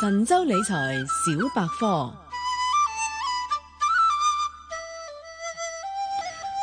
神州理財小百科，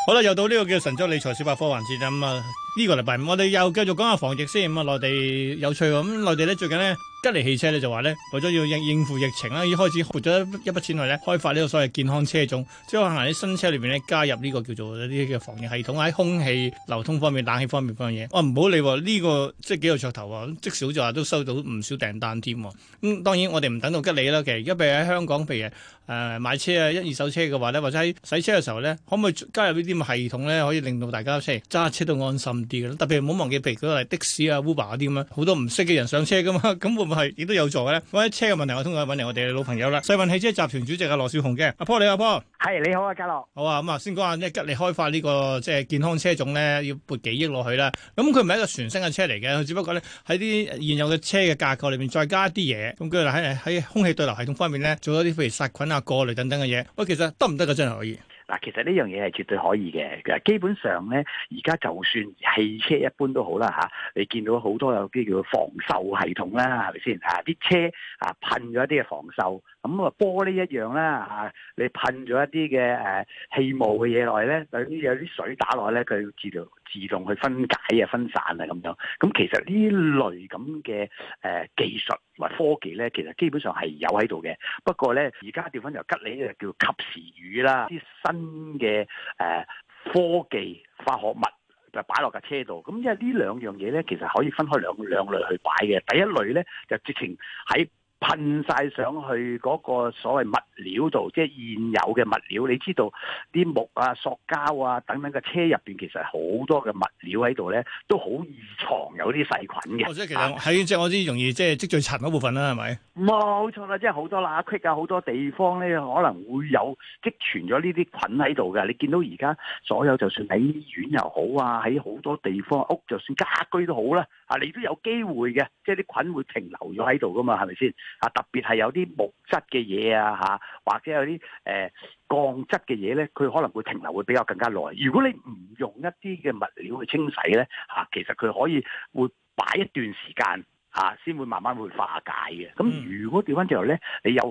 好啦，又到呢個叫神州理財小百科環節啦。咁、嗯、啊、呢、這個禮拜我哋又繼續講下防疫先。咁啊，內地有趣喎。咁、啊、內、嗯、地咧，最近咧。吉利汽車咧就話咧，為咗要應應付疫情啦，已經開始撥咗一筆錢去咧開發呢個所謂健康車種，即可能喺新車裏邊咧加入呢個叫做啲嘅防疫系統喺空氣流通方面、冷氣方面嗰樣嘢。哇、哦，唔、呢個、好你呢個即係幾有噱頭喎！至少就話都收到唔少訂單添。咁、嗯、當然我哋唔等到吉利啦，其實而家譬如喺香港譬如誒買車啊，一二手車嘅話咧，或者喺洗車嘅時候咧，可唔可以加入呢啲咁嘅系統咧？可以令到大家車揸車都安心啲嘅。特別唔好忘記譬如嗰啲的士啊、Uber 啲咁樣好多唔識嘅人上車㗎嘛，咁 會 係，亦都有助嘅咧。關於車嘅問題，我通過揾嚟我哋老朋友啦。世運汽車集團主席阿羅少雄嘅，阿波，你好阿波。係你好，好啊，家樂。好啊，咁啊，先講下即吉利開發呢個即係健康車種咧，要撥幾億落去啦。咁佢唔係一個全新嘅車嚟嘅，佢只不過咧喺啲現有嘅車嘅架構裏面再加一啲嘢。咁佢喺喺空氣對流系統方面咧，做咗啲譬如殺菌啊、過濾等等嘅嘢。喂，其實得唔得噶，真係可以？嗱，其實呢樣嘢係絕對可以嘅，其實基本上咧，而家就算汽車一般都好啦嚇、啊，你見到好多有啲叫防鏽系統啦，係咪先啊？啲車噴啊噴咗一啲嘅防鏽，咁啊玻璃一樣啦嚇、啊，你噴咗一啲嘅誒氣霧嘅嘢落去咧，有啲水打落去咧，佢自動自動去分解啊分散啊咁樣，咁其實呢類咁嘅誒技術，埋科技咧，其實基本上係有喺度嘅。不過咧，而家掉翻由吉利就叫及時雨啦，啲新嘅誒、呃、科技化學物就擺落架車度。咁、嗯、因為呢兩樣嘢咧，其實可以分開兩兩類去擺嘅。第一類咧，就直情喺，噴晒上去嗰個所謂物料度，即係現有嘅物料。你知道啲木啊、塑膠啊等等嘅車入邊，其實好多嘅物料喺度咧，都好易藏有啲細菌嘅、哦。即係其實喺、啊、即係我啲容易即係積聚塵嗰部分啦，係咪？冇錯啦，即係好多啦。罅隙，啊，好多地方咧可能會有積存咗呢啲菌喺度嘅。你見到而家所有，就算喺醫院又好啊，喺好多地方屋，就算家居都好啦，啊，你都有機會嘅，即係啲菌會停留咗喺度噶嘛，係咪先？啊，特別係有啲木質嘅嘢啊，嚇，或者有啲誒、呃、鋼質嘅嘢咧，佢可能會停留會比較更加耐。如果你唔用一啲嘅物料去清洗咧，嚇、啊，其實佢可以會擺一段時間嚇，先、啊、會慢慢會化解嘅。咁如果調翻之後咧，你又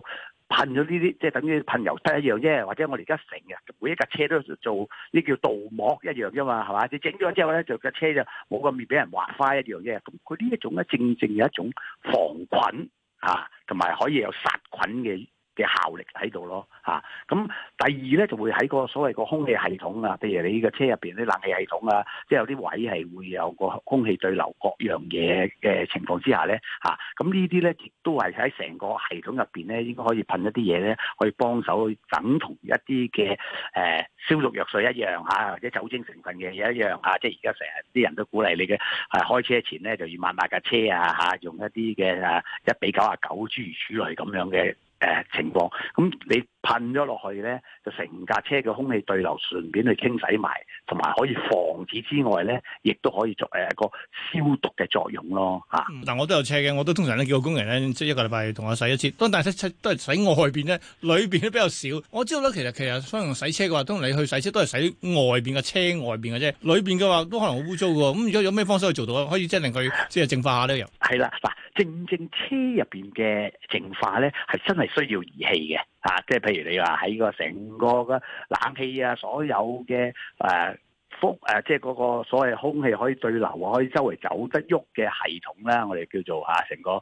噴咗呢啲，即、就、係、是、等於噴油漆一樣啫，或者我哋而家成日每一架車都做呢叫鍍膜一樣啫嘛，係嘛？你整咗之後咧，就架車就冇咁易俾人劃花一樣啫。咁佢呢一種咧，正，正正有一種防菌。啊，同埋可以有殺菌嘅嘅效力喺度咯，嚇、啊、咁第二咧就會喺個所謂個空氣系統啊，譬如你個車入邊啲冷氣系統啊，即係有啲位係會有個空氣對流各樣嘢嘅情況之下咧，嚇、啊、咁、啊、呢啲咧亦都係喺成個系統入邊咧，應該可以噴一啲嘢咧，可以幫手去整同一啲嘅誒消毒藥水一樣嚇、啊，或者酒精成分嘅嘢一樣嚇、啊，即係而家成日啲人都鼓勵你嘅，係、啊、開車前咧就要抹抹架車啊嚇，用一啲嘅一比九啊九諸如此類咁樣嘅。誒、呃，情況咁、嗯、你噴咗落去咧，就成架車嘅空氣對流，順便去清洗埋，同埋可以防止之外咧，亦都可以作誒一個消毒嘅作用咯，吓、嗯。嗱，我都有車嘅，我都通常咧叫個工人咧，即係一個禮拜同我洗一次，但係都係洗外邊咧，裏邊都比較少。我知道咧，其實其實雖然洗車嘅話，當然你去洗車都係洗外邊嘅車外邊嘅啫，裏邊嘅話都可能好污糟噶。咁如果有咩方式可以做到，可以即係令佢即係淨化下呢？又。係啦，嗱。正正車入邊嘅淨化呢，係真係需要儀器嘅嚇、啊，即係譬如你話喺個成個嘅冷氣啊，所有嘅誒風誒，即係嗰個所謂空氣可以對流啊，可以周圍走得喐嘅系統啦，我哋叫做嚇、啊、成個誒、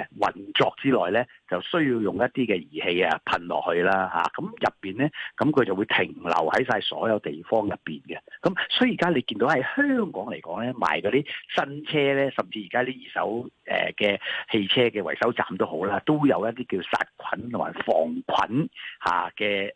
啊、運作之內呢，就需要用一啲嘅儀器啊噴落去啦、啊、嚇，咁入邊呢，咁佢就會停留喺晒所有地方入邊嘅。咁所以而家你見到喺香港嚟講咧賣嗰啲新車咧，甚至而家啲二手誒嘅汽車嘅維修站都好啦，都有一啲叫殺菌同埋防菌嚇嘅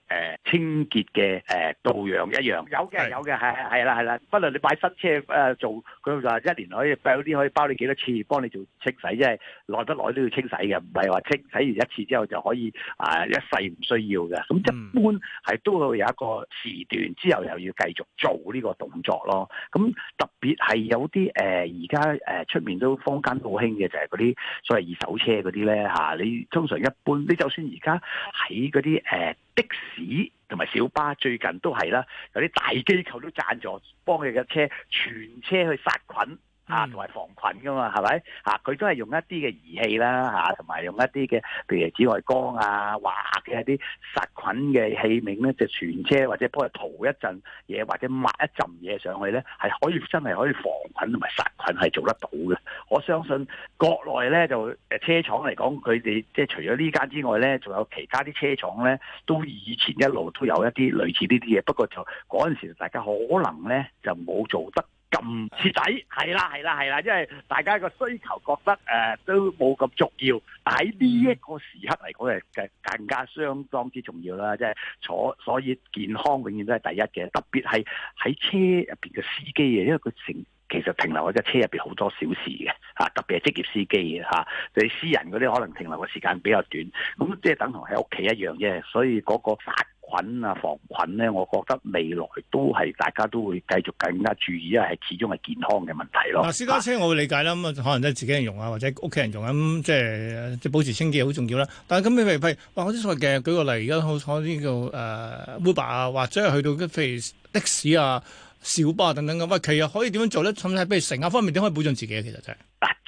誒清潔嘅誒度樣一樣。有嘅有嘅係係係啦係啦，不論你買新車誒做，佢話一年可以包啲可以包你幾多次幫你做清洗，即係耐得耐都要清洗嘅，唔係話清洗完一次之後就可以啊一世唔需要嘅。咁一般係都會有一個時段之後又要繼續做呢。呢個動作咯，咁、嗯、特別係有啲誒，而家誒出面都坊間好興嘅，就係嗰啲所謂二手車嗰啲咧嚇，你通常一般，你就算而家喺嗰啲誒的士同埋小巴，最近都係啦，有啲大機構都贊助幫佢嘅車全車去殺菌。同埋、啊、防菌噶嘛，係咪？嚇、啊，佢都係用一啲嘅儀器啦，嚇、啊，同埋用一啲嘅，譬如紫外光啊、或嘅一啲殺菌嘅器皿咧，就全、是、車或者幫佢塗一陣嘢，或者抹一浸嘢上去咧，係可以真係可以防菌同埋殺菌係做得到嘅。我相信國內咧就誒車廠嚟講，佢哋即係除咗呢間之外咧，仲有其他啲車廠咧，都以前一路都有一啲類似呢啲嘢，不過就嗰陣時大家可能咧就冇做得咁徹底係啦，係啦，係啦，因為大家個需求覺得誒、呃、都冇咁重要，但喺呢一個時刻嚟講係更加相當之重要啦。即、就、係、是、坐，所以健康永遠都係第一嘅，特別係喺車入邊嘅司機嘅，因為佢停其實停留喺架車入邊好多小時嘅嚇，特別係職業司機嘅嚇，你、啊、私人嗰啲可能停留嘅時間比較短，咁即係等同喺屋企一樣啫。所以嗰個發菌啊，防菌咧，我覺得未來都係大家都會繼續更加注意啊，係始終係健康嘅問題咯。私家車我會理解啦，咁啊可能都係自己人用啊，或者屋企人用咁、嗯，即係即係保持清潔好重要啦。但係咁你譬如話我啲所謂嘅舉個例，而家好彩呢叫誒 Uber 啊，Uber，或者係去到譬如的士啊、小巴等等嘅，喂，其實可以點樣做咧？甚至係譬如乘客方面點可以保障自己啊？其實真係。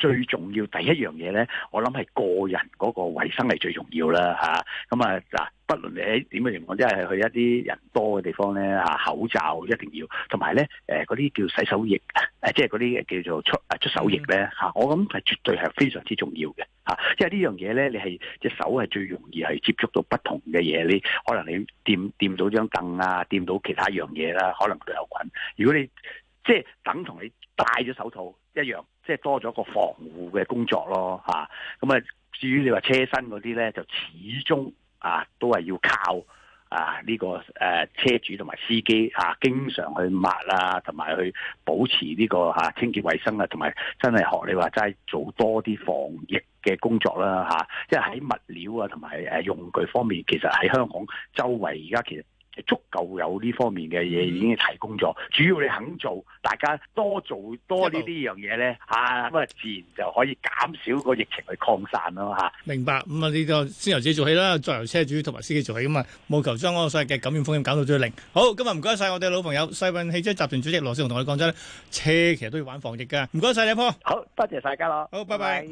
最重要第一樣嘢咧，我諗係個人嗰個衞生係最重要啦嚇。咁啊嗱，不論你喺點嘅情況，即係去一啲人多嘅地方咧嚇，口罩一定要，同埋咧誒嗰啲叫洗手液誒、啊，即係嗰啲叫做出出手液咧嚇、啊。我諗係絕對係非常之重要嘅嚇、啊，因為呢樣嘢咧，你係隻手係最容易係接觸到不同嘅嘢，你可能你掂掂到張凳啊，掂到其他一樣嘢啦、啊，可能都有菌。如果你即係等同你戴咗手套一樣，即係多咗個防護嘅工作咯吓。咁啊，至於你話車身嗰啲咧，就始終啊都係要靠啊呢、這個誒、啊、車主同埋司機啊，經常去抹啊，同埋去保持呢個吓、啊、清潔衛生啊，同埋真係學你話齋做多啲防疫嘅工作啦、啊、吓、啊，即係喺物料啊同埋誒用具方面，其實喺香港周圍而家其實。足夠有呢方面嘅嘢已經提供咗，主要你肯做，大家多做多呢呢樣嘢咧嚇咁啊，自然就可以減少個疫情去擴散咯嚇。明白咁啊，呢個先由自己做起啦，再由車主同埋司機做起啊嘛，務求將我個世界嘅感染風險減到最零。好，今日唔該曬我哋老朋友世運汽車集團主席羅少雄同你講真，車其實都要玩防疫㗎。唔該曬你阿波，好多謝曬大家咯。好，拜拜。